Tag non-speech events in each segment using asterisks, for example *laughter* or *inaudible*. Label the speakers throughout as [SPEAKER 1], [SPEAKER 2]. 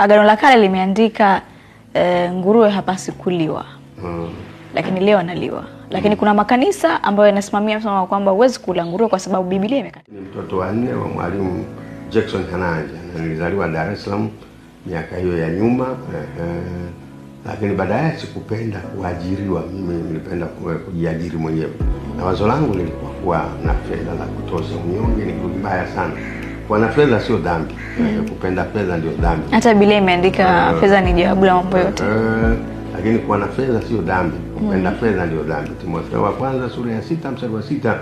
[SPEAKER 1] Agano la Kale limeandika e, nguruwe hapasi kuliwa mm. Lakini leo analiwa, lakini mm. kuna makanisa ambayo yanasimamia msimamo kwamba huwezi kula nguruwe kwa sababu Biblia imekata.
[SPEAKER 2] Ni mtoto wa nne wa mwalimu Jackson Hananja na nilizaliwa Dar es Salaam miaka hiyo ya nyuma eh, lakini baadaye sikupenda kuajiriwa mimi, nilipenda kujiajiri mwenyewe, na wazo langu lilikuwa kuwa na fedha za kutosha. Unyonge ni mbaya sana wana fedha sio dhambi mm. kupenda fedha ndio dhambi.
[SPEAKER 1] Hata Biblia imeandika uh, fedha ni jawabu la mambo yote
[SPEAKER 2] uh, lakini kuwa na fedha sio dhambi, mm. kupenda mm. fedha ndio dhambi. Timotheo wa kwanza sura ya sita mstari wa sita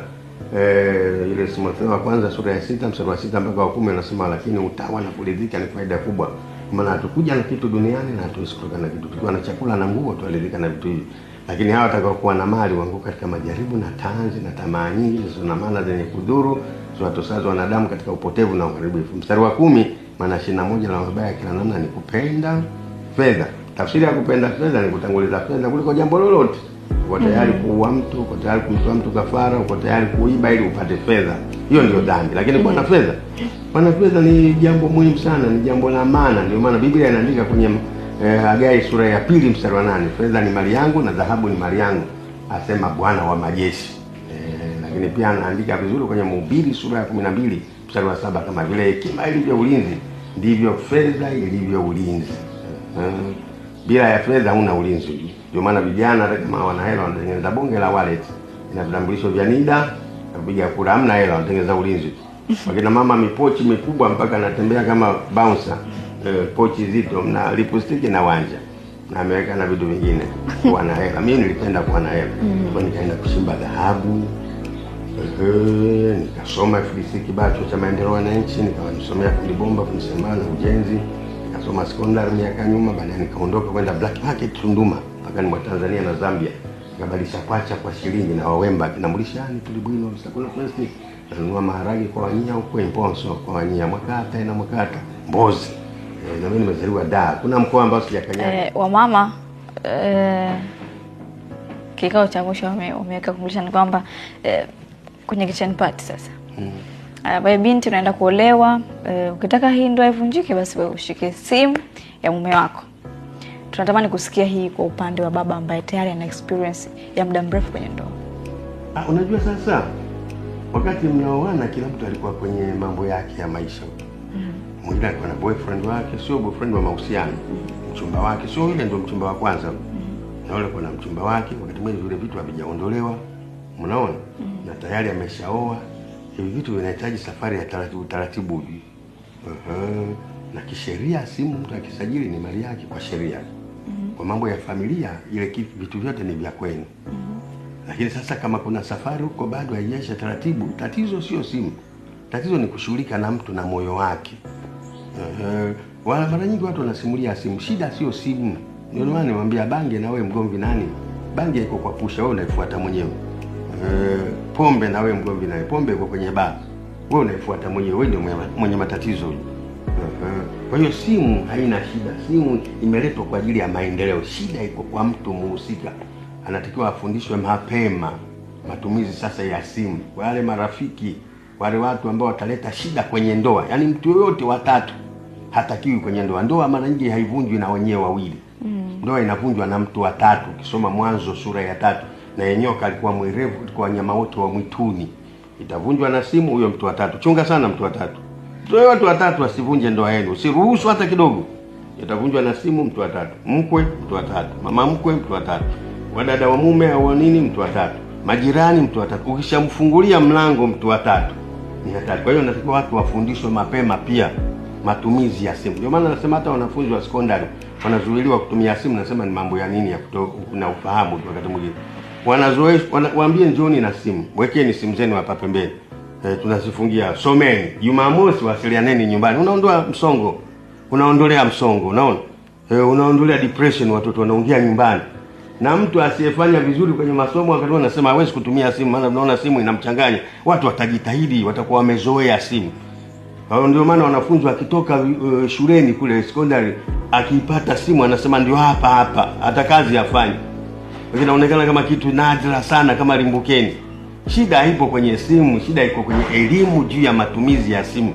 [SPEAKER 2] eh, ile Timotheo wa kwanza sura ya sita mstari wa sita mpaka wa kumi anasema, lakini utawa na kuridhika ni faida kubwa, maana hatukuja na kitu duniani na hatuwezi na kitu. Tukiwa na chakula na nguo tuaridhika na vitu hivi, lakini hawa watakaokuwa na mali wangu katika majaribu na tanzi na tamaa nyingi zisizo na maana zenye kudhuru ziwatosazo wanadamu katika upotevu na uharibifu. Mstari wa kumi, maana shina moja la mabaya kila namna ni kupenda fedha. Tafsiri ya kupenda fedha ni kutanguliza fedha kuliko jambo lolote. Uko tayari mm-hmm. kuua mtu, uko tayari kumtoa mtu kafara, uko tayari kuiba ili upate fedha. Hiyo ndio dhambi. Lakini kuwa na mm-hmm. fedha, bwana fedha ni jambo muhimu sana, ni jambo la maana. Ndio maana Biblia inaandika kwenye eh, agai sura ya pili mstari wa nane, fedha ni mali yangu na dhahabu ni mali yangu, asema Bwana wa majeshi lakini pia anaandika vizuri kwenye Mhubiri sura ya kumi na mbili mstari wa saba kama vile hekima ilivyo ulinzi ndivyo fedha ilivyo ulinzi. Hmm. Bila ya fedha huna ulinzi. Ndio maana vijana hata kama wana hela wanatengeneza bonge la wallet, na vitambulisho vya NIDA, na kupiga kura, hamna hela, wanatengeneza ulinzi. *laughs* Wakina mama mipochi mikubwa mpaka anatembea kama bouncer, Eh, pochi zito na lipstick na wanja na ameweka na vitu vingine, *laughs* kuwa na hela. Mimi nilipenda kuwa na hela, Mm. Kwa nikaenda kushimba dhahabu Mm-hmm. Nikasoma FDC Kibacho cha maendeleo wananchi, nikawa nisomea fundi bomba, fundi seremala na ujenzi, nikasoma sekondari miaka nyuma, baadaye nikaondoka kwenda black market Tunduma, mpakani mwa Tanzania na Zambia, nikabadilisha kwacha kwa shilingi na Wawemba kina ni tulibwino msakula plastic, nanunua maharage kwa Wanyia huko Imponso, kwa Wanyia Mwakata na Mwakata Mbozi. E, na mimi nimezaliwa Dar. Kuna mkoa ambao sijakanyaga. E, eh,
[SPEAKER 1] wamama e, eh, kikao cha mwisho wameweka kumbusha ni kwamba e, kwenye kitchen party sasa mm. Ah, Bae binti unaenda kuolewa uh, ukitaka hii ndoa ivunjike, basi wewe ushike simu ya mume wako. Tunatamani kusikia hii kwa upande wa baba ambaye tayari ana experience ya muda mrefu kwenye ndoa.
[SPEAKER 2] Ah, unajua sasa wakati mnaoana kila mtu alikuwa kwenye mambo yake ya maisha. Mm. Mwingine alikuwa na boyfriend wake, sio boyfriend wa mahusiano. Mm. Mchumba wake sio yule ndio mchumba wa kwanza. Mm. Na yule kuna mchumba wake, wakati mwingine vile vitu havijaondolewa mnaona mm. na tayari ameshaoa. Hivi vitu vinahitaji safari ya taratibu taratibu, uh-huh. na kisheria, simu mtu akisajili ni mali yake kwa sheria mm. -hmm. kwa mambo ya familia ile vitu vyote ni vya kwenu mm. -hmm. lakini sasa kama kuna safari huko bado haijaisha taratibu, tatizo sio simu, tatizo ni kushughulika na mtu na moyo wake uh-huh. wala mara nyingi watu wanasimulia simu, shida sio simu. Ndio maana niwaambia Bange, na wewe mgomvi nani? Bange iko kwa pusha, wewe unaifuata mwenyewe. Eh, pombe na wewe mgomvi naye pombe kwa kwenye baa, wewe unaifuata mwenyewe, wewe ndio mwenye matatizo. Eh, eh. Kwa hiyo simu haina shida, simu imeletwa kwa ajili ya maendeleo. Shida iko kwa mtu muhusika, anatakiwa afundishwe mapema matumizi sasa ya simu, wale marafiki wale watu ambao wataleta shida kwenye ndoa, yaani mtu yoyote watatu hatakiwi kwenye ndoa. Ndoa mara nyingi haivunjwi na wenyewe wawili mm. Ndoa inavunjwa na mtu watatu. Ukisoma Mwanzo sura ya tatu na yenyewe alikuwa mwerevu kwa wanyama wote wa mwituni. Itavunjwa na simu huyo mtu wa tatu. Chunga sana mtu wa tatu. Toe watu watatu asivunje ndoa yenu. Usiruhusu hata kidogo. Itavunjwa na simu mtu wa tatu. Mkwe mtu wa tatu. Mama mkwe mtu wa tatu. Wadada wa mume au nini mtu wa tatu. Majirani mtu wa tatu. Ukishamfungulia mlango mtu wa tatu. Ni hatari. Kwa hiyo natakiwa watu wafundishwe mapema pia matumizi ya simu. Ndio maana nasema hata wanafunzi wa sekondari wanazuiliwa kutumia simu, nasema ni mambo ya nini ya kuto, na ufahamu wakati mwingine wanazoe wana, waambie njoni na simu, wekeni simu zenu hapa pembeni e, tunazifungia. Someni Jumamosi, wasilianeni nyumbani, unaondoa msongo, unaondolea msongo, unaona e, unaondolea depression, watoto wanaongea nyumbani. Na mtu asiyefanya vizuri kwenye masomo wakati anasema hawezi kutumia simu, maana unaona simu inamchanganya. Watu watajitahidi, watakuwa wamezoea simu. Kwa ndio maana wanafunzi wakitoka uh, shuleni kule sekondari, akipata simu anasema ndio hapa hapa, hata kazi afanye kinaonekana kama kitu nadra sana kama limbukeni. Shida ipo kwenye simu, shida iko kwenye elimu juu ya matumizi ya simu.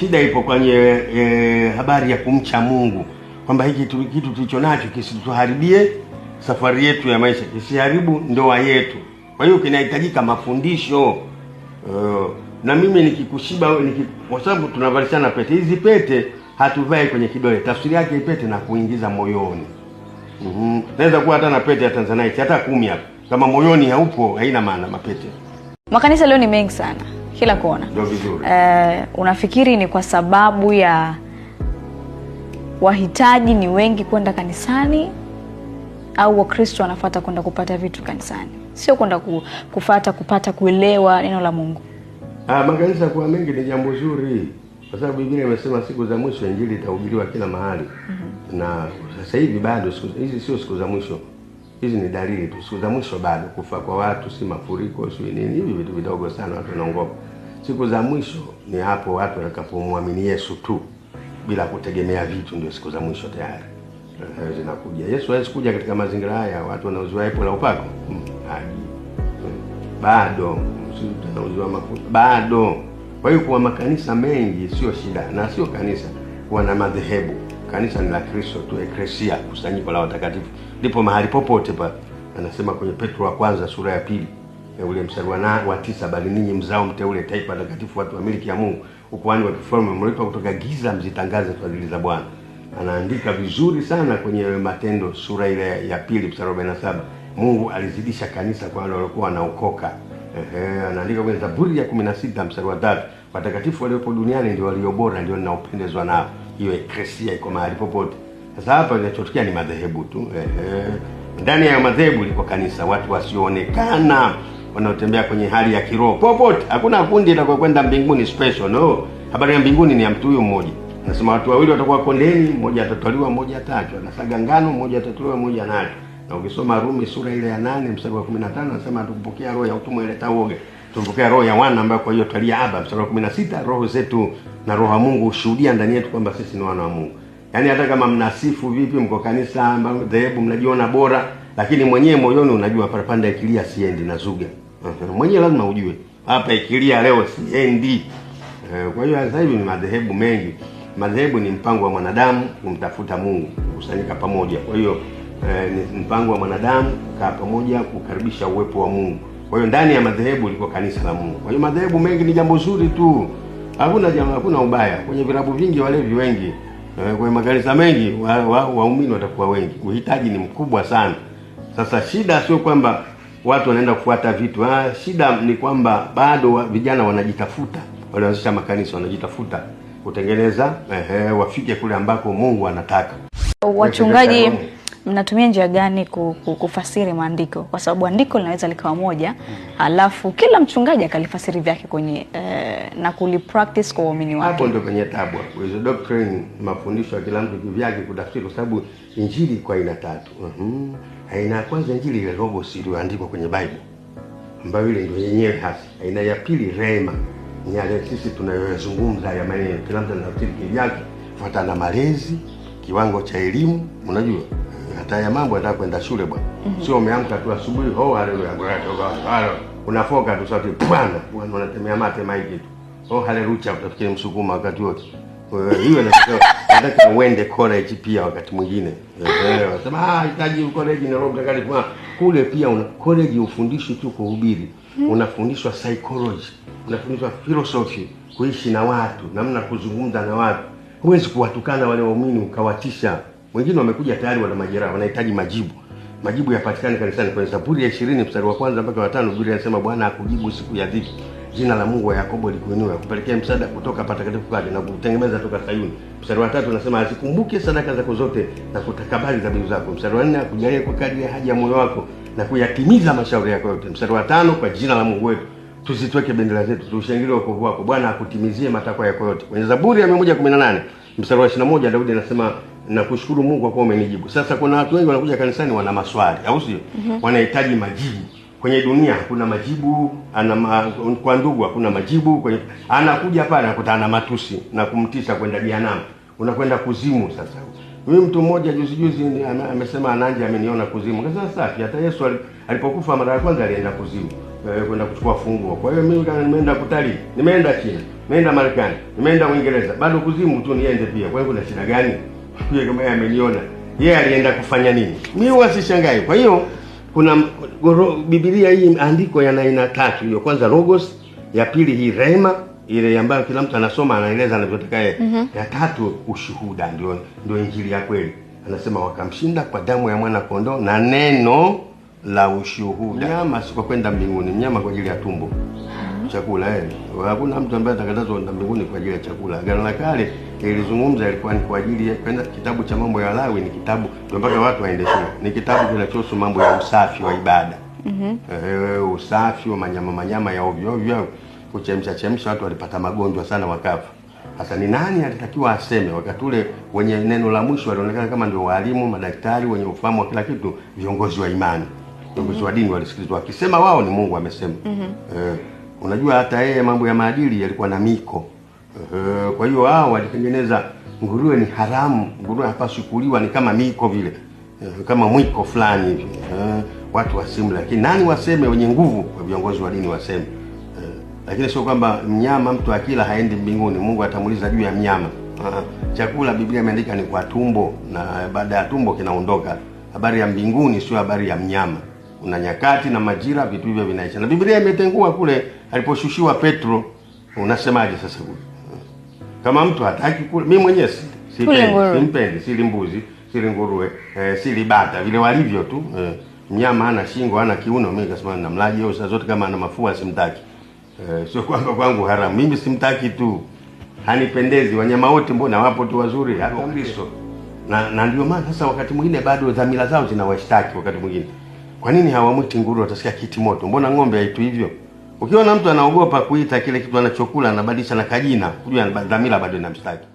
[SPEAKER 2] Shida ipo kwenye e, habari ya kumcha Mungu kwamba hiki kitu tulicho nacho kisituharibie safari yetu ya maisha, kisiharibu ndoa yetu. Kwa hiyo kinahitajika mafundisho uh, na mimi nikikushiba niki, kwa sababu tunavalishana pete hizi, pete hatuvai kwenye kidole, tafsiri yake pete na kuingiza moyoni mm -hmm. Naweza kuwa hata na pete ya Tanzanite hata kumi hapo, kama moyoni haupo haina maana. Mapete
[SPEAKER 1] makanisa leo ni mengi sana kila kuona Ndio vizuri. Eh, unafikiri ni kwa sababu ya wahitaji ni wengi kwenda kanisani au Wakristo wanafata kwenda kupata vitu kanisani, sio kwenda kufata kupata kuelewa neno la Mungu.
[SPEAKER 2] Ah, makanisa kuwa mengi ni jambo zuri kwa sababu Biblia imesema siku za mwisho injili itahubiriwa kila mahali mm -hmm. na sasa hivi bado hizi sio siku za mwisho, hizi ni dalili tu. Siku za mwisho bado kufa kwa watu, si mafuriko, si nini, hivi vitu vidogo sana, watu wanaongopa. Siku za mwisho ni hapo watu watakapomwamini Yesu tu bila kutegemea vitu, ndio siku za mwisho tayari eh, zinakuja. Yesu hawezi kuja katika mazingira haya, watu wanauziwa epo la upako mm, mm, bado, tunauziwa mafuta bado kwa hiyo kuwa makanisa mengi sio shida, na sio kanisa kuwa na madhehebu. Kanisa ni la Kristo tu, ekresia, kusanyiko la watakatifu. Ndipo mahali popote pa anasema kwenye Petro wa kwanza sura ya pili ya ule mstari wa tisa, bali ninyi mzao mteule, taifa takatifu, watu wa miliki ya Mungu, ukuhani wa kifalme, mlipa kutoka giza, mzitangaze fadhili za Bwana. Anaandika vizuri sana kwenye Matendo sura ile ya pili mstari wa 47, Mungu alizidisha kanisa kwa wale waliokuwa wanaokoka. Ehe, anaandika kwenye Zaburi ya 16 mstari wa 3, watakatifu waliopo duniani ndio walio bora, ndio ninaopendezwa nao. Hiyo ekresia iko mahali popote. Sasa hapa inachotokea ni madhehebu tu. Ehe, ndani ya madhehebu liko kanisa, watu wasioonekana wanaotembea kwenye hali ya kiroho popote. Hakuna kundi la kwenda mbinguni special, no. Habari ya mbinguni ni ya mtu huyo mmoja. Nasema watu wawili watakuwa kondeni, mmoja atatwaliwa, mmoja ataachwa. Nasaga ngano, mmoja atatwaliwa, mmoja anaachwa na ukisoma Rumi sura ile ya nane mstari wa 15 anasema tukipokea roho ya utumwa ileta uoga, tumpokea roho ya wana ambayo kwa hiyo twalia Aba. Mstari wa 16 roho zetu na roho ya Mungu hushuhudia ndani yetu kwamba sisi ni wana wa Mungu. Yaani hata kama mnasifu vipi, mko kanisa ambalo dhehebu mnajiona bora, lakini mwenyewe moyoni unajua pale panda ikilia siendi na zuga. Mwenyewe lazima ujue hapa ikilia leo siendi. Kwa hiyo sasa hivi ni madhehebu mengi. Madhehebu ni mpango wa mwanadamu kumtafuta Mungu, kukusanyika pamoja. Kwa hiyo eh, mpango wa mwanadamu kaa pamoja kukaribisha uwepo wa Mungu. Kwa hiyo ndani ya madhehebu ilikuwa kanisa la Mungu. Kwa hiyo madhehebu mengi ni jambo zuri tu, hakuna jambo, hakuna ubaya. Kwenye vilabu vingi walevi wengi, eh, kwenye makanisa mengi waumini wa, wa watakuwa wengi, uhitaji ni mkubwa sana. Sasa shida sio kwamba watu wanaenda kufuata vitu ha, ah, shida ni kwamba bado wa, vijana wanajitafuta, wanaanzisha makanisa wanajitafuta kutengeneza ehe, wafike kule ambako Mungu anataka
[SPEAKER 1] wachungaji mnatumia njia gani kufasiri maandiko, kwa sababu andiko linaweza likawa moja alafu kila mchungaji akalifasiri vyake kwenye eh, na kulipractice kwa waumini wake.
[SPEAKER 2] Hapo ndio kwenye tabu, hizo doctrine, mafundisho ya kila mtu kivyake kutafsiri, kwa sababu injili kwa aina tatu. Mhm. Aina ya kwanza injili ile logos iliyoandikwa kwenye Bible, ambayo ile ndio yenyewe hasa. Aina ya pili rema, ni yale sisi tunayoyazungumza ya maneno, kila mtu anatafsiri kivyake fuatana na malezi, kiwango cha elimu, unajua taya mambo anataka kwenda shule bwana. mm -hmm. Sio umeamka tu asubuhi, oh haleluya, halo unafoka tu sauti bwana bwana, unatemea mate maiki tu, oh haleluya, utafikiri msukuma wakati wote wewe. Hiyo nataka uende college pia wakati mwingine, sema ah, hitaji college na roho Nairobi kwa ah, kule pia una college, ufundishi tu kuhubiri mm -hmm. unafundishwa psychology, unafundishwa philosophy, kuishi na watu, namna kuzungumza na watu. Huwezi kuwatukana wale waumini ukawatisha wengine wamekuja tayari wana majeraha, wanahitaji majibu. Majibu yapatikane kanisani. Kwenye Zaburi ya ishirini mstari wa kwanza mpaka watano Biblia inasema Bwana akujibu siku ya dhiki, jina la Mungu wa Yakobo likuinua, kupelekea msaada kutoka patakatifu kwake na kutengemeza toka Sayuni. Mstari wa tatu unasema azikumbuke sadaka zako zote na kutakabali dhabihu zako. Mstari wa nne akujalie kwa kadiri ya haja ya moyo wako na kuyatimiza mashauri yako yote. Mstari wa tano kwa jina la Mungu wetu tusitweke bendera zetu, tushangilie wokovu wako. Bwana akutimizie matakwa yako yote. Kwenye Zaburi ya 118 mstari wa 21 Daudi anasema na kushukuru Mungu kwa kuwa umenijibu. Sasa kuna watu wengi wanakuja kanisani wana maswali, au sio? mm -hmm. Wanahitaji majibu. Kwenye dunia hakuna majibu, ana ma, kwa ndugu hakuna majibu, kwenye anakuja pale anakutana matusi na kumtisha kwenda jehanamu. Unakwenda kuzimu sasa. Huyu mtu mmoja juzi juzi amesema ananje ameniona kuzimu. Sasa safi, hata Yesu alipokufa mara ya kwanza alienda kuzimu eh, kwenda kuchukua funguo. Kwa hiyo mimi nimeenda kutali, nimeenda China, nimeenda Marekani, nimeenda Uingereza, bado kuzimu tu niende pia. Kwa hiyo kuna shida gani? sijui kama yeye ameliona yeye alienda kufanya nini. Mi wasishangae Kwa hiyo kuna goro, Biblia hii andiko yana aina tatu, hiyo kwanza logos, ya pili hii rema ile ambayo kila mtu anasoma anaeleza anavyotaka yeye. mm -hmm. Ya tatu ushuhuda, ndio ndio injili ya kweli. Anasema wakamshinda kwa damu ya mwana kondoo na neno la ushuhuda. Mnyama si kwenda mbinguni, mnyama kwa ajili ya tumbo chakula eh. Hakuna mtu ambaye atakatazwa kwenda mbinguni kwa ajili ya chakula. Agano la Kale nilizungumza ilikuwa ni kwa ajili ya kwenda. Kitabu cha mambo ya Lawi ni kitabu mpaka watu waende shule, ni kitabu kinachohusu mambo ya usafi wa ibada mm -hmm. E, usafi wa manyama manyama ya ovyo ovyo, kuchemsha chemsha, watu walipata magonjwa sana wakafa. Sasa ni nani alitakiwa aseme? Wakati ule wenye neno la mwisho walionekana kama ndio walimu, madaktari, wenye ufahamu wa kila kitu, viongozi wa imani, viongozi wa dini walisikilizwa, wakisema wao ni Mungu amesema. mm -hmm. e, eh, Unajua hata yeye mambo ya maadili yalikuwa na miko. Ehe, kwa hiyo hao walitengeneza nguruwe ni haramu, nguruwe hapaswi kuliwa, ni kama miko vile. kama mwiko fulani hivi. Watu wasimu, lakini nani waseme? Wenye nguvu kwa viongozi wa dini waseme. lakini sio kwamba mnyama mtu akila haendi mbinguni, Mungu atamuuliza juu ya mnyama. Ehe, chakula Biblia imeandika ni kwa tumbo na baada ya tumbo kinaondoka. Habari ya mbinguni sio habari ya mnyama kuna nyakati na majira, vitu hivyo vinaisha, na Biblia imetengua kule aliposhushiwa Petro. Unasemaje sasa? Kama mtu hataki kule, mimi mwenyewe si simpendi, sili mbuzi, sili nguruwe, eh, sili bata, vile walivyo tu eh, mnyama ana shingo, ana kiuno. Mimi nikasema namlaji au saa zote, kama ana mafua simtaki. Eh, sio kwamba kwangu haramu, mimi simtaki tu, hanipendezi. Wanyama wote mbona wapo tu wazuri, hata Kristo na, na ndio maana sasa wakati mwingine bado dhamira zao zinawashtaki wakati mwingine kwa nini hawamwiti nguru, watasikia kiti moto? Mbona ng'ombe haitu hivyo? Ukiona mtu anaogopa kuita kile kitu anachokula, anabadilisha na kajina, kujua dhamira bado inamstaki.